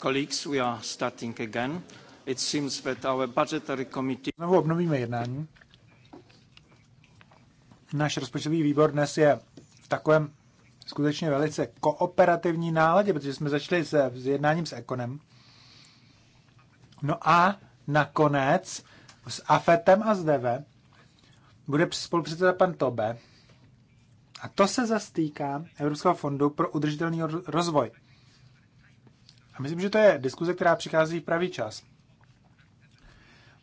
Colleagues, we are starting again. It seems that our budgetary committee... Znovu obnovíme jednání. Náš rozpočtový výbor dnes je v takovém skutečně velice kooperativní náladě, protože jsme začali se, s jednáním s Ekonem. No a nakonec s Afetem a s bude spolupředseda pan Tobe. A to se zastýká Evropského fondu pro udržitelný rozvoj. A myslím, že to je diskuze, která přichází v pravý čas.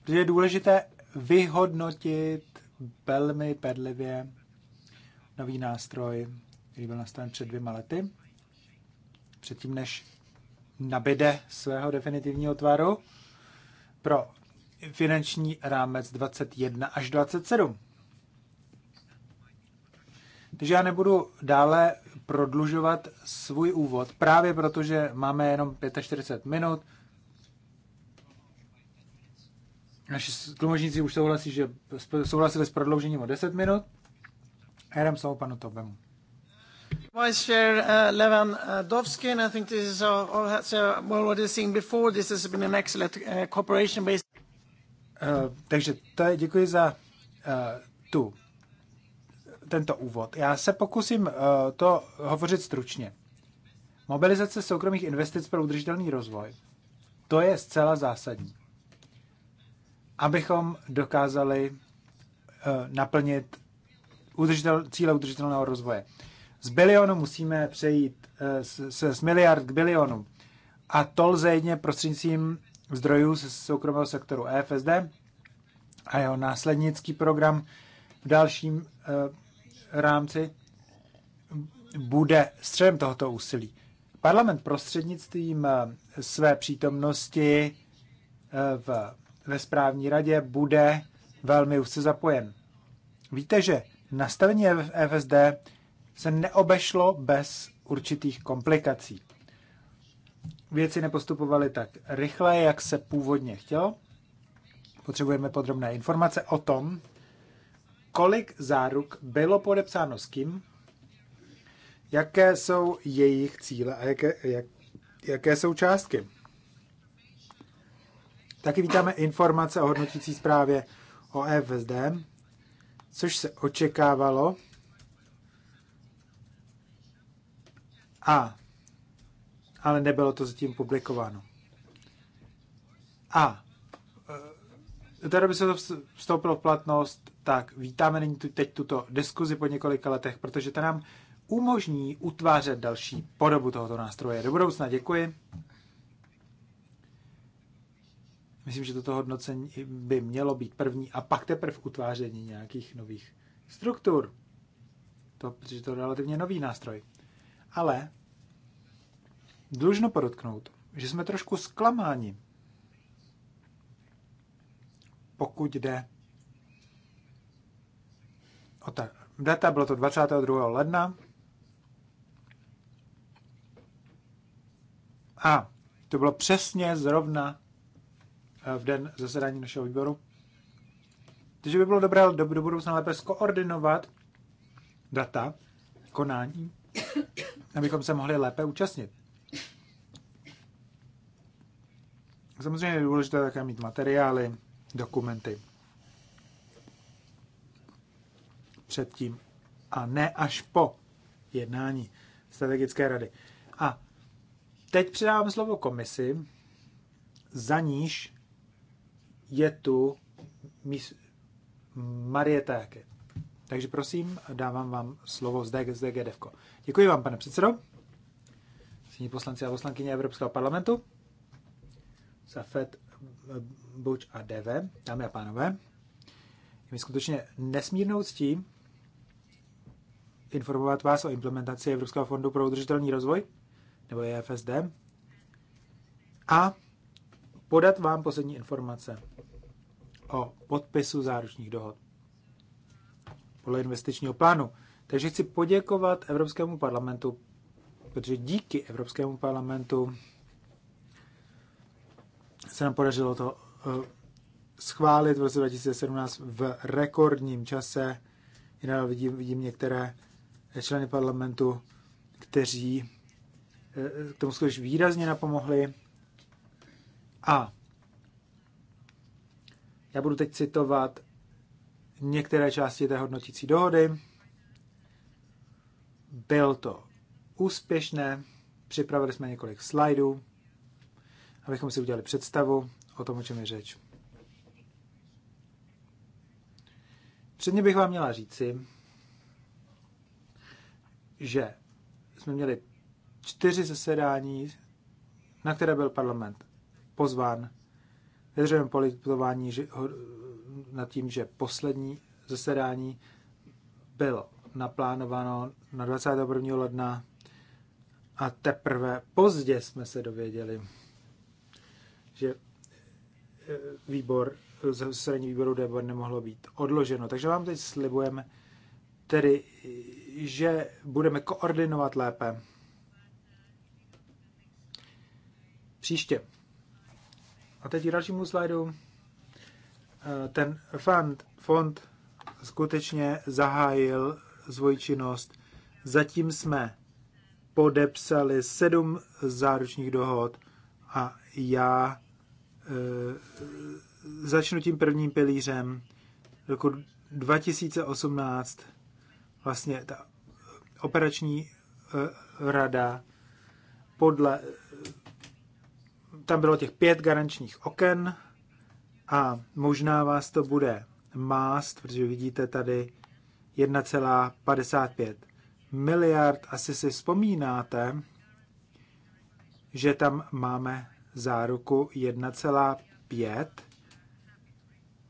Protože je důležité vyhodnotit velmi pedlivě nový nástroj, který byl nastaven před dvěma lety, předtím než nabide svého definitivního tvaru pro finanční rámec 21 až 27. Takže já nebudu dále prodlužovat svůj úvod, právě protože máme jenom 45 minut. Naši tlumočníci už souhlasí, že souhlasili s prodloužením o 10 minut. A jdem slovo panu Tobemu. Vice Chair uh, uh, Dovsky, and I think this is all, all has uh, you've seen before. This has been an excellent uh, cooperation based. Uh, takže to je, děkuji za uh, tu tento úvod. Já se pokusím eh, to hovořit stručně. Mobilizace soukromých investic pro udržitelný rozvoj, to je zcela zásadní. Abychom dokázali eh, naplnit udržitel, cíle udržitelného rozvoje. Z bilionu musíme přejít z, eh, z miliard k bilionu. A to lze jedně prostřednictvím zdrojů z soukromého sektoru EFSD a jeho následnický program v dalším rámci bude středem tohoto úsilí. Parlament prostřednictvím eh, své přítomnosti eh, v, ve správní radě bude velmi úzce zapojen. Víte, že nastavení FSD se neobešlo bez určitých komplikací. Věci nepostupovaly tak rychle, jak se původně chtělo. Potřebujeme podrobné informace o tom, kolik záruk bylo podepsáno s kým, jaké jsou jejich cíle a jaké, jak, jaké jsou částky. Taky vítáme informace o hodnotící zprávě o FSD, což se očekávalo. A, ale nebylo to zatím publikováno. A, eh, do té doby se to vstoupilo v platnost tak vítáme nyní tu, teď tuto diskuzi po několika letech, protože ta nám umožní utvářet další podobu tohoto nástroje. Do budoucna děkuji. Myslím, že toto hodnocení by mělo být první a pak teprve utváření nějakých nových struktur. To, protože to je relativně nový nástroj. Ale dlužno podotknout, že jsme trošku zklamáni, pokud jde o ta data, bylo to 22. ledna. A to bylo přesně zrovna eh, v den zasedání našeho výboru. Takže by bylo dobré do, do budoucna lépe skoordinovat data, konání, abychom se mohli lépe účastnit. Samozřejmě je důležité také mít materiály, dokumenty. předtím a ne až po jednání strategické rady. A teď předávám slovo komisi, za níž je tu mis- Téke. Takže prosím, dávám vám slovo z DGDF. Děkuji vám, pane předsedo. Sní poslanci a poslankyně Evropského parlamentu. Safet, eh, Buč a Deve, dámy a pánové. Je mi skutečně nesmírnou ctí informovat vás o implementaci Evropského fondu pro udržitelný rozvoj, nebo EFSD, a podat vám poslední informace o podpisu záručních dohod podle investičního plánu. Takže chci poděkovat Evropskému parlamentu, protože díky Evropskému parlamentu se nám podařilo to eh, schválit v roce 2017 v rekordním čase. Jinak vidím, vidím některé členy parlamentu, kteří eh, k tomu skutečně výrazně napomohli. A já budu teď citovat některé části té hodnotící dohody. Byl to úspěšné, připravili jsme několik slajdů, abychom si udělali představu o tom, o čem je řeč. Předně bych vám měla říci, že jsme měli čtyři zasedání, na které byl parlament pozván. Vyjadřujeme politování že, nad tím, že poslední zasedání bylo naplánováno na 21. ledna a teprve pozdě jsme se dověděli, že eh, výbor, zasedání výboru debor nemohlo být odloženo. Takže vám teď slibujeme tedy že budeme koordinovat lépe. Příště. A teď dalšímu slajdu. Eh, ten fund fond skutečně zahájil svoji činnost. Zatím jsme podepsali sedm záručních dohod a já e, začnu tím prvním pilířem. Roku 2018 vlastně ta operační eh, rada podle tam bylo těch pět garančních oken a možná vás to bude mást, protože vidíte tady 1,55 miliard. Asi si vzpomínáte, že tam máme záruku 1,5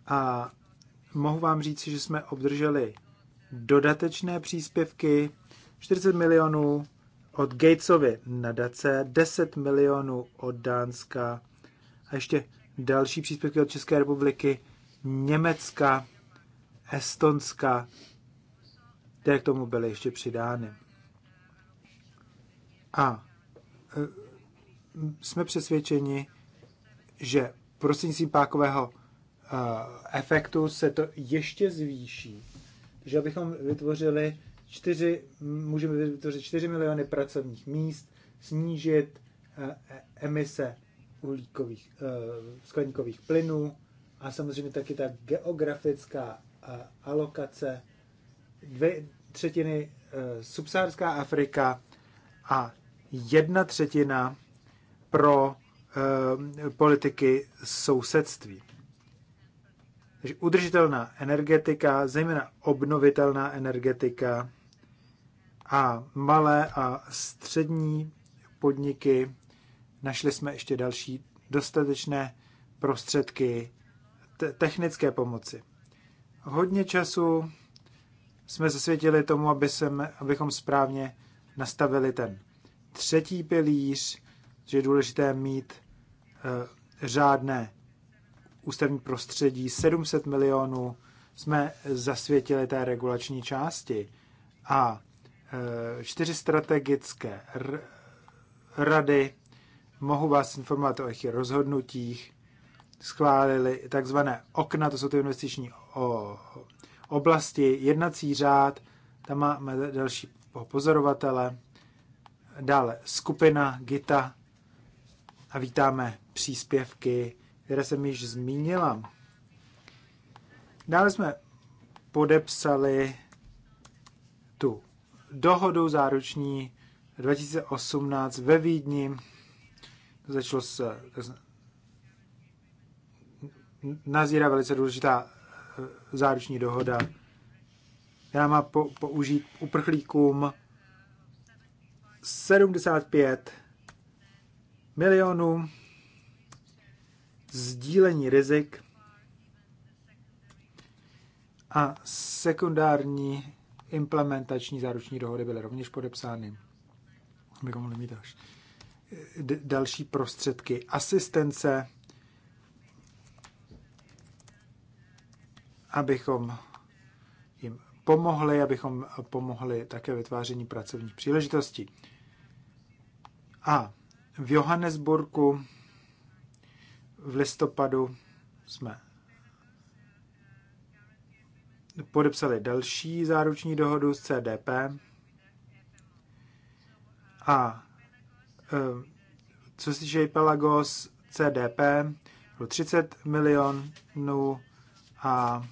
a mohu vám říct, že jsme obdrželi dodatečné příspěvky, 40 milionů od Gatesovy nadace, 10 milionů od Dánska a ještě další příspěvky od České republiky, Německa, Estonska, které k tomu byly ještě přidány. A e, jsme přesvědčeni, že prostřednictvím pákového e, efektu se to ještě zvýší že bychom vytvořili čtyři, můžeme vytvořit 4 miliony pracovních míst, snížit eh, emise uhlíkových, eh, skleníkových plynů a samozřejmě taky ta geografická eh, alokace. Dvě třetiny subsárská Afrika a jedna třetina pro politiky sousedství. Takže udržitelná energetika, zejména obnovitelná energetika a malé a střední podniky. Našli jsme ještě další dostatečné prostředky technické pomoci. Hodně času jsme zasvětili tomu, aby sem, abychom správně nastavili ten třetí pilíř, že je důležité mít e, řádné ústavní prostředí, 700 milionů jsme zasvětili té regulační části a e, čtyři strategické rady, mohu vás informovat o jejich rozhodnutích, schválili takzvané okna, to jsou ty investiční oblasti, jednací řád, tam máme další pozorovatele, dále skupina GITA a vítáme příspěvky které jsem již zmínila. Dále jsme podepsali tu dohodu záruční 2018 ve Vídni. To začalo s nazírá velice důležitá eh, záruční dohoda, která má po, použít uprchlíkům 75 milionů sdílení rizik a sekundární implementační záruční dohody byly rovněž podepsány. Bychom mohli mít až další prostředky asistence, abychom jim pomohli, abychom pomohli také vytváření pracovních příležitostí. A v Johannesburgu v listopadu jsme podepsali další záruční dohodu s CDP a e, co se týče Pelagos CDP, bylo 30 milionů a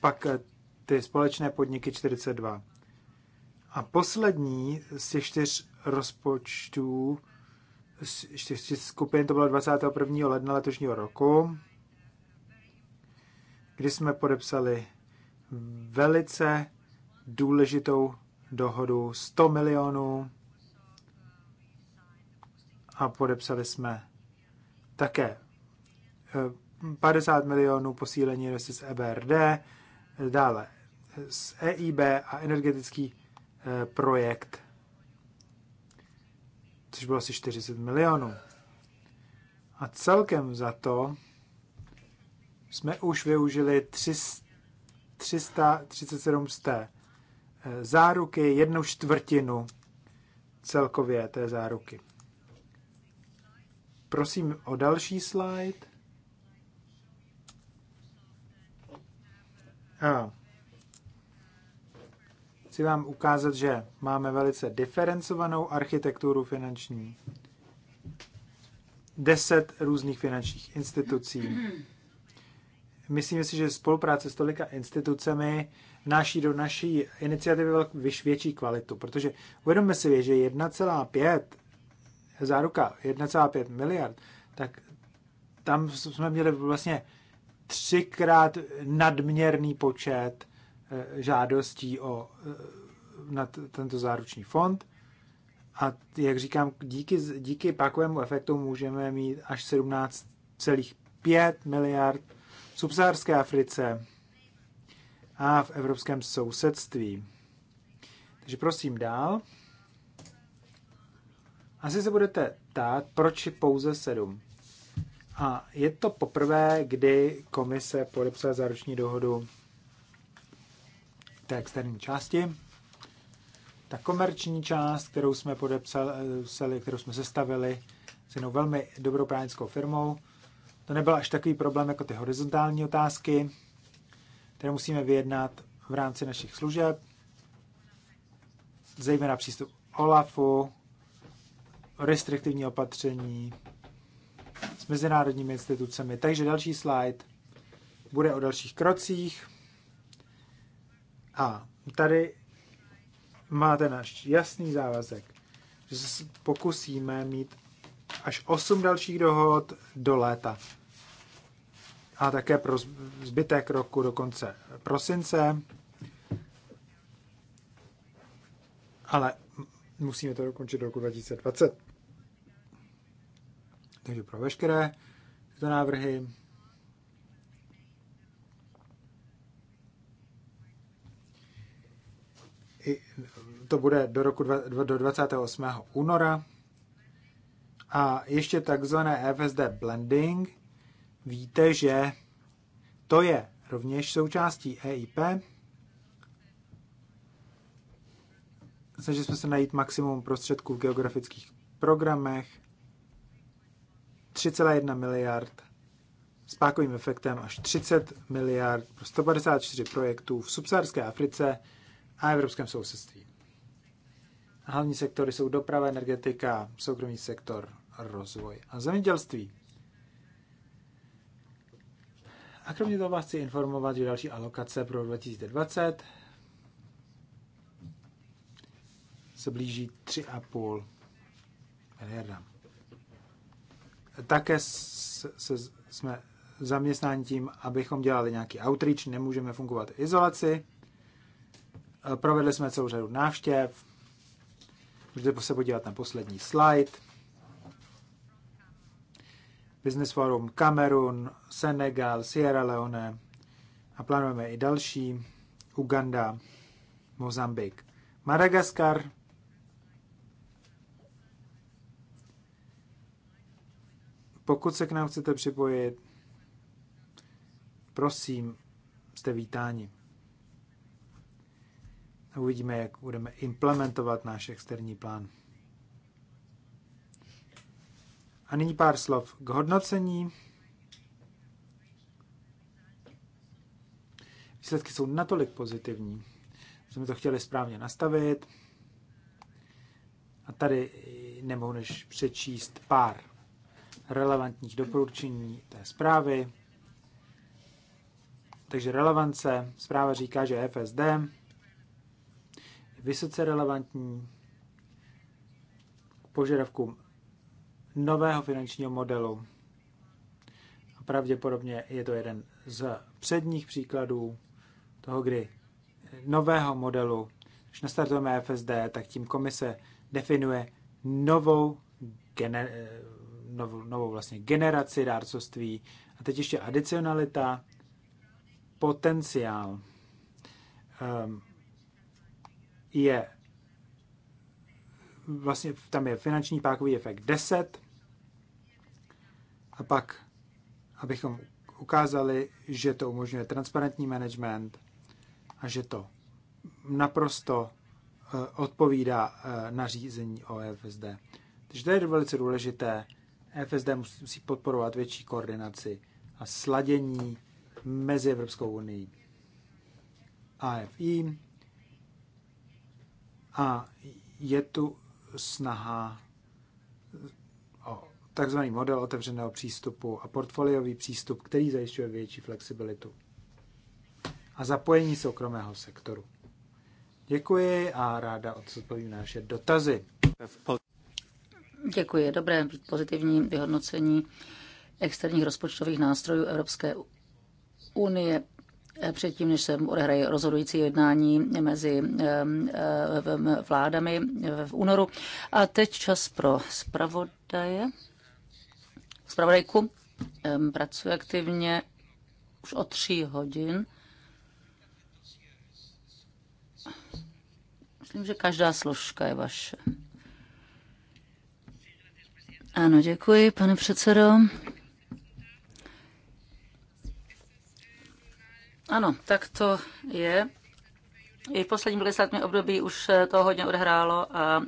pak e, ty společné podniky 42. A poslední z těch čtyř rozpočtů čtyři skupin, to bylo 21. ledna letošního roku, kdy jsme podepsali velice důležitou dohodu 100 milionů a podepsali jsme také 50 eh, milionů posílení investic EBRD, dále z EIB a energetický eh, projekt což bylo asi 40 milionů. A celkem za to jsme už využili 337 z té eh, záruky, jednu čtvrtinu celkově té záruky. Prosím o další slide. A Chci vám ukázat, že máme velice diferencovanou architekturu finanční. Deset různých finančních institucí. Myslím si, že spolupráce s tolika institucemi vnáší do naší iniciativy větší kvalitu, protože uvědomme si, že 1,5 záruka 1,5 miliard, tak tam jsme měli vlastně třikrát nadměrný počet Eh, žádostí o, eh, na tento záruční fond. A jak říkám, díky, díky pakovému efektu můžeme mít až 17,5 miliard v subsaharské Africe a v evropském sousedství. Takže prosím dál. Asi se budete ptát, proč pouze sedm. A je to poprvé, kdy komise podepsala záruční dohodu té externí části. Ta komerční část, kterou jsme podepsali, kterou jsme sestavili s jednou velmi dobrou právnickou firmou, to nebyl až takový problém jako ty horizontální otázky, které musíme vyjednat v rámci našich služeb, zejména přístup OLAFu, restriktivní opatření s mezinárodními institucemi. Takže další slide bude o dalších krocích. A tady máte náš jasný závazek, že se pokusíme mít až 8 dalších dohod do léta. A také pro zbytek roku do konce prosince. Ale musíme to dokončit do roku 2020. Takže pro veškeré tyto návrhy to bude do roku do 28. února. A ještě takzvané FSD blending. Víte, že to je rovněž součástí EIP. Snažili jsme se najít maximum prostředků v geografických programech. 3,1 miliard s pákovým efektem až 30 miliard pro 154 projektů v subsaharské Africe a evropském sousedství. Hlavní sektory jsou doprava, energetika, soukromý sektor, rozvoj a zemědělství. A kromě toho vás chci informovat, že další alokace pro 2020 se blíží 3,5 miliarda. Také se, se, jsme zaměstnáni tím, abychom dělali nějaký outreach, nemůžeme fungovat v izolaci, Eh, provedli jsme celou řadu návštěv. Můžete se podívat na poslední slide. Business Forum Kamerun, Senegal, Sierra Leone a plánujeme i další. Uganda, Mozambik, Madagaskar. Pokud se k nám chcete připojit, prosím, jste vítáni uvidíme, jak budeme implementovat náš externí plán. A nyní pár slov k hodnocení. Výsledky jsou natolik pozitivní, že jsme to chtěli správně nastavit. A tady nemohu než přečíst pár relevantních doporučení té zprávy. Takže relevance. Zpráva říká, že FSD vysoce relevantní požadavkům nového finančního modelu. A pravděpodobně je to jeden z předních příkladů toho, kdy nového modelu, když nastartujeme FSD, tak tím komise definuje novou, gener, novou, novou vlastně generaci dárcovství a teď ještě adicionalita, potenciál. Um, je vlastně tam je finanční pákový efekt 10 a pak, abychom ukázali, že to umožňuje transparentní management a že to naprosto eh, odpovídá eh, nařízení o FSD. Takže to je velice důležité. FSD musí podporovat větší koordinaci a sladění mezi Evropskou unii. AFI a je tu snaha o takzvaný model otevřeného přístupu a portfoliový přístup, který zajišťuje větší flexibilitu a zapojení soukromého sektoru. Děkuji a ráda odpovím naše dotazy. Děkuji. Dobré pozitivní vyhodnocení externích rozpočtových nástrojů Evropské unie Eh, předtím, než se odehraje rozhodující jednání mezi eh, eh, vládami v únoru. A teď čas pro zpravodaje. Zpravodajku pracuje aktivně už o tří hodin. Myslím, že každá složka je vaše. Ano, děkuji, pane předsedo. Ano, tak to je. I v posledním legislativním období už to hodně odhrálo a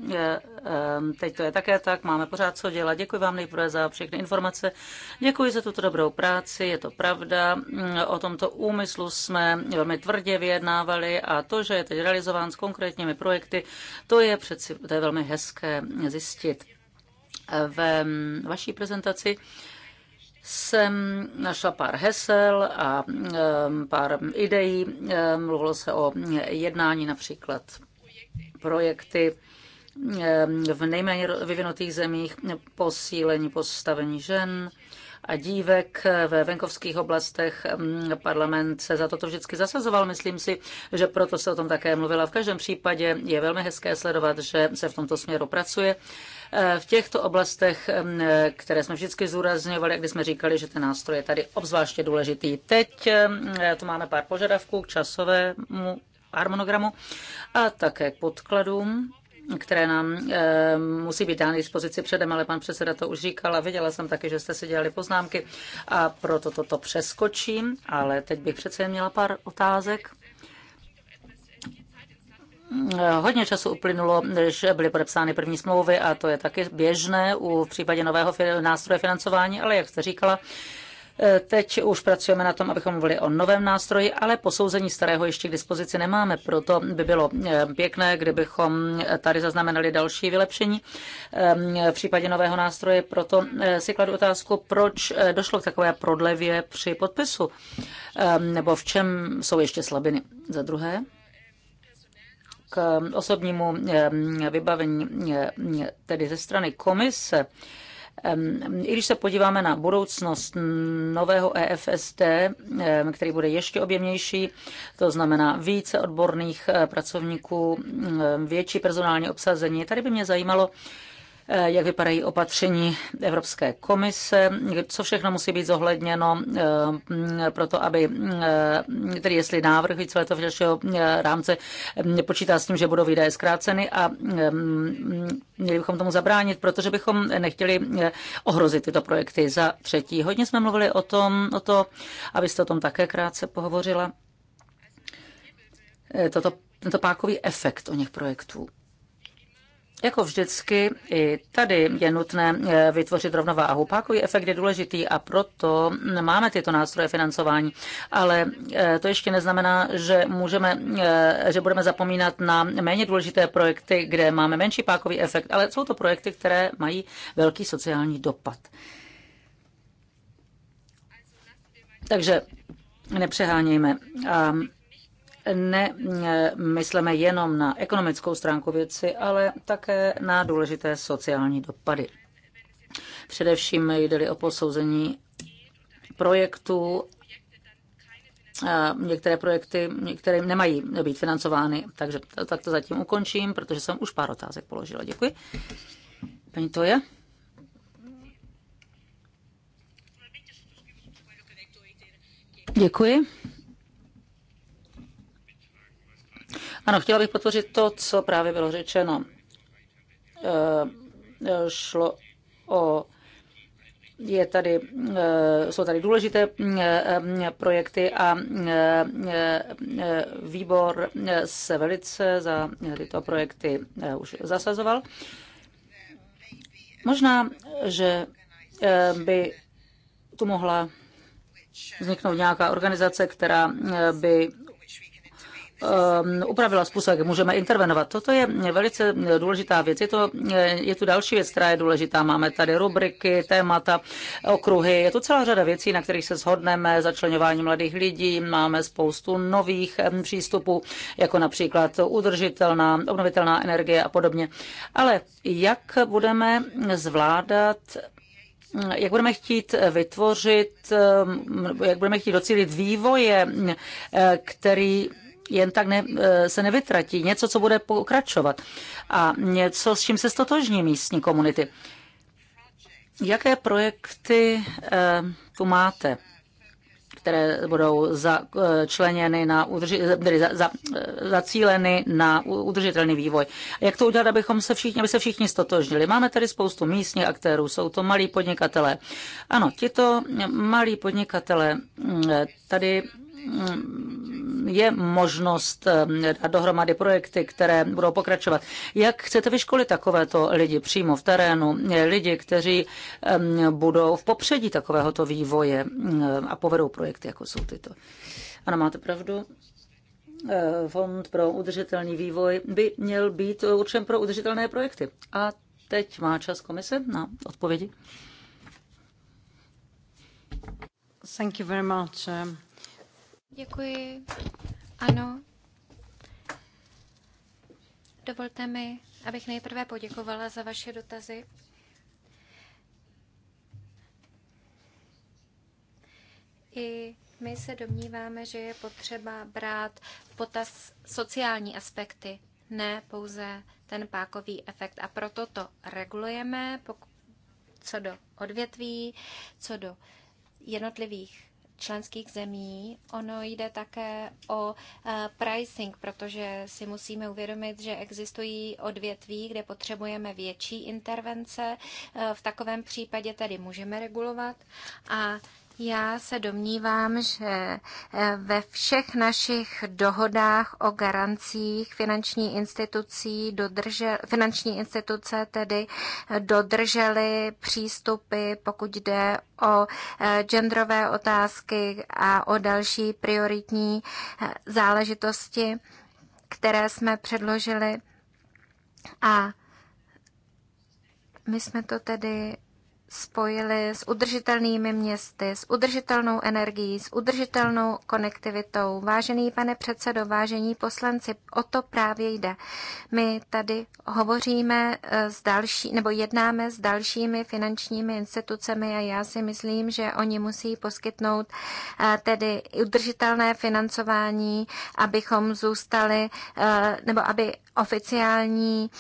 teď to je také tak. Máme pořád co dělat. Děkuji vám nejprve za všechny informace. Děkuji za tuto dobrou práci, je to pravda. O tomto úmyslu jsme velmi tvrdě vyjednávali a to, že je teď realizován s konkrétními projekty, to je přeci to je velmi hezké zjistit. Ve vaší prezentaci jsem našla pár hesel a pár ideí. Mluvilo se o jednání například projekty v nejméně vyvinutých zemích, posílení postavení žen a dívek ve venkovských oblastech. Parlament se za toto vždycky zasazoval. Myslím si, že proto se o tom také mluvila. V každém případě je velmi hezké sledovat, že se v tomto směru pracuje. Eh, v těchto oblastech, eh, které jsme vždycky zúrazňovali, kdy jsme říkali, že ten nástroj je tady obzvláště důležitý. Teď eh, tu máme pár požadavků k časovému harmonogramu a také k podkladům které nám e, musí být dány dispozici předem, ale pan předseda to už říkal a viděla jsem taky, že jste si dělali poznámky a proto toto přeskočím, ale teď bych přece měla pár otázek Hodně času uplynulo, když byly podepsány první smlouvy a to je taky běžné u, v případě nového nástroje financování, ale jak jste říkala, eh, Teď už pracujeme na tom, abychom mluvili o novém nástroji, ale posouzení starého ještě k dispozici nemáme, proto by bylo eh, pěkné, kdybychom tady zaznamenali další vylepšení eh, v případě nového nástroje. Proto si kladu otázku, proč došlo k takové prodlevě při podpisu, nebo v čem jsou ještě slabiny. Za druhé, k um, osobnímu um, vybavení, um, tedy ze strany komise, i když se podíváme na budoucnost nového EFST, který bude ještě objemnější, to znamená více odborných uh, pracovníků, větší personální obsazení, tady by mě zajímalo, Eh, jak vypadají opatření Evropské komise, co všechno musí být zohledněno eh, pro to, aby, eh, tedy jestli návrh víceletého finančního rámce počítá s tím, že budou výdaje zkráceny a měli bychom tomu zabránit, protože bychom nechtěli ohrozit tyto projekty. Za třetí, hodně jsme mluvili o tom, o to, abyste o tom také krátce pohovořila, toto, tento pákový efekt o něch projektů. Jako vždycky, i tady je nutné eh, vytvořit rovnováhu. Pákový efekt je důležitý a proto máme tyto nástroje financování, ale eh, to ještě neznamená, že, můžeme, eh, že budeme zapomínat na méně důležité projekty, kde máme menší pákový efekt, ale jsou to projekty, které mají velký sociální dopad. Takže nepřehánějme nemysleme jenom na ekonomickou stránku věci, ale také na důležité sociální dopady. Především jde o posouzení projektů některé projekty, některé nemají být financovány, takže tak to zatím ukončím, protože jsem už pár otázek položila. Děkuji. Paní je. Děkuji. Ano, chtěla bych potvořit to, co právě bylo řečeno. E, šlo o je tady, eh, jsou tady důležité projekty a výbor se velice za tyto projekty už zasazoval. Možná, že by tu mohla vzniknout nějaká organizace, která by Um, upravila způsob, jak můžeme intervenovat. Toto je velice důležitá věc. Je, to, eh, je tu další věc, která je důležitá. Máme tady rubriky, témata, okruhy. Je tu celá řada věcí, na kterých se shodneme, začlenování mladých lidí. Máme spoustu nových eh, přístupů, jako například udržitelná, obnovitelná energie a podobně. Ale jak budeme zvládat eh, jak budeme chtít vytvořit, jak budeme chtít docílit vývoje, který jen tak ne, e, se nevytratí. Něco, co bude pokračovat a něco, s čím se stotožní místní komunity. Jaké projekty e, tu máte? které budou začleněny e, na udrži- tedy za, za, zacíleny na udržitelný vývoj. Jak to udělat, abychom se všichni, aby se všichni stotožnili? Máme tady spoustu místních aktérů, jsou to malí podnikatelé. Ano, tito malí podnikatelé tady je možnost um, dát dohromady projekty, které budou pokračovat. Jak chcete vyškolit takovéto lidi přímo v terénu, lidi, kteří um, budou v popředí takovéhoto vývoje um, a povedou projekty, jako jsou tyto? Ano, máte pravdu. Uh, fond pro udržitelný vývoj by měl být určen pro udržitelné projekty. A teď má čas komise na odpovědi. Thank you very much. Děkuji. Ano. Dovolte mi, abych nejprve poděkovala za vaše dotazy. I my se domníváme, že je potřeba brát v potaz sociální aspekty, ne pouze ten pákový efekt. A proto to regulujeme, co do odvětví, co do jednotlivých členských zemí. Ono jde také o eh, pricing, protože si musíme uvědomit, že existují odvětví, kde potřebujeme větší intervence. Eh, v takovém případě tedy můžeme regulovat. A já se domnívám, že eh, ve všech našich dohodách o garancích finanční institucí dodrže, finanční instituce tedy eh, dodržely přístupy, pokud jde o eh, genderové otázky a o další prioritní záležitosti, které jsme předložili. A my jsme to tedy spojili s udržitelnými městy, s udržitelnou energií, s udržitelnou konektivitou. Vážený pane předsedo, vážení poslanci, o to právě jde. My tady hovoříme eh, s další, nebo jednáme s dalšími finančními institucemi a já si myslím, že oni musí poskytnout eh, tedy udržitelné financování, abychom zůstali, eh, nebo aby oficiální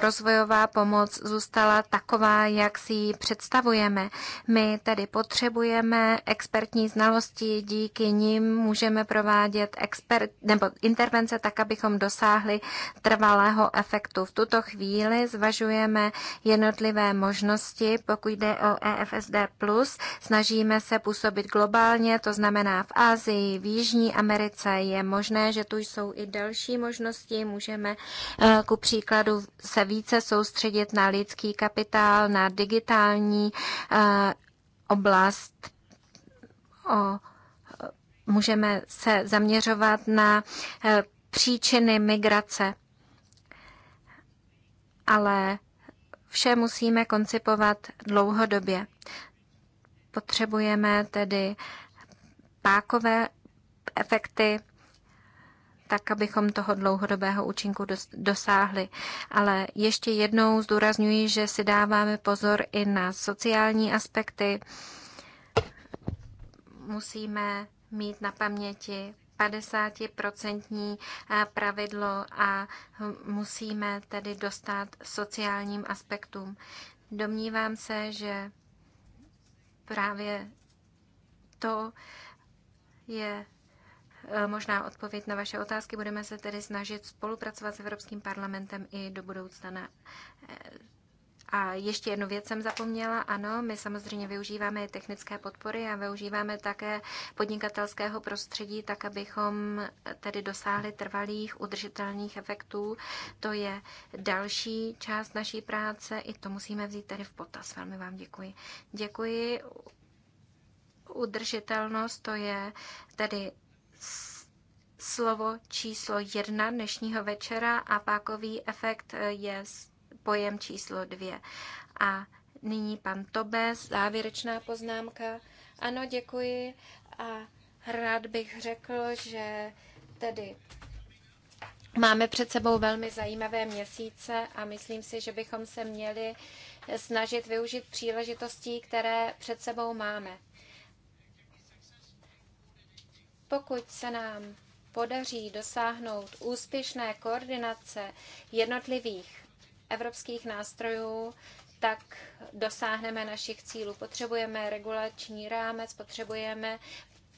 rozvojová pomoc zůstala taková, jak si ji představujeme. My tedy potřebujeme expertní znalosti, díky nim můžeme provádět expert, nebo intervence tak, abychom dosáhli trvalého efektu. V tuto chvíli zvažujeme jednotlivé možnosti, pokud jde o EFSD+, snažíme se působit globálně, to znamená v Asii, v Jižní Americe je možné, že tu jsou i další možnosti, můžeme eh, ku příkladu se více soustředit na lidský kapitál, na digitální sociální eh, oblast. O, můžeme se zaměřovat na eh, příčiny migrace. Ale vše musíme koncipovat dlouhodobě. Potřebujeme tedy pákové efekty tak abychom toho dlouhodobého účinku dosáhli. Ale ještě jednou zdůrazňuji, že si dáváme pozor i na sociální aspekty. Musíme mít na paměti 50% pravidlo a musíme tedy dostat sociálním aspektům. Domnívám se, že právě to je Eh, možná odpověď na vaše otázky. Budeme se tedy snažit spolupracovat s Evropským parlamentem i do budoucna na eh, a ještě jednu věc jsem zapomněla. Ano, my samozřejmě využíváme technické podpory a využíváme také podnikatelského prostředí, tak abychom tedy dosáhli trvalých udržitelných efektů. To je další část naší práce, i to musíme vzít tedy v potaz. Velmi vám děkuji. Děkuji. Udržitelnost to je tedy slovo číslo jedna dnešního večera a pákový efekt je pojem číslo dvě. A nyní pan Tobe, závěrečná poznámka. Ano, děkuji a rád bych řekl, že tedy Máme před sebou velmi zajímavé měsíce a myslím si, že bychom se měli snažit využít příležitostí, které před sebou máme. Pokud se nám podaří dosáhnout úspěšné koordinace jednotlivých evropských nástrojů, tak dosáhneme našich cílů. Potřebujeme regulační rámec, potřebujeme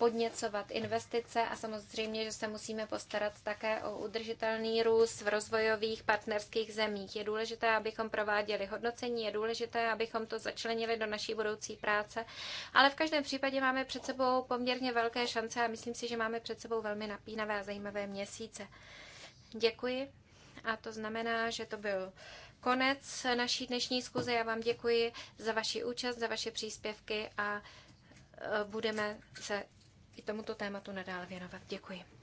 podněcovat investice a samozřejmě, že se musíme postarat také o udržitelný růst v rozvojových partnerských zemích. Je důležité, abychom prováděli hodnocení, je důležité, abychom to začlenili do naší budoucí práce, ale v každém případě máme před sebou poměrně velké šance a myslím si, že máme před sebou velmi napínavé a zajímavé měsíce. Děkuji a to znamená, že to byl konec naší dnešní zkuze. Já vám děkuji za vaši účast, za vaše příspěvky a e, budeme se i tomuto tématu nadále věnovat. Děkuji.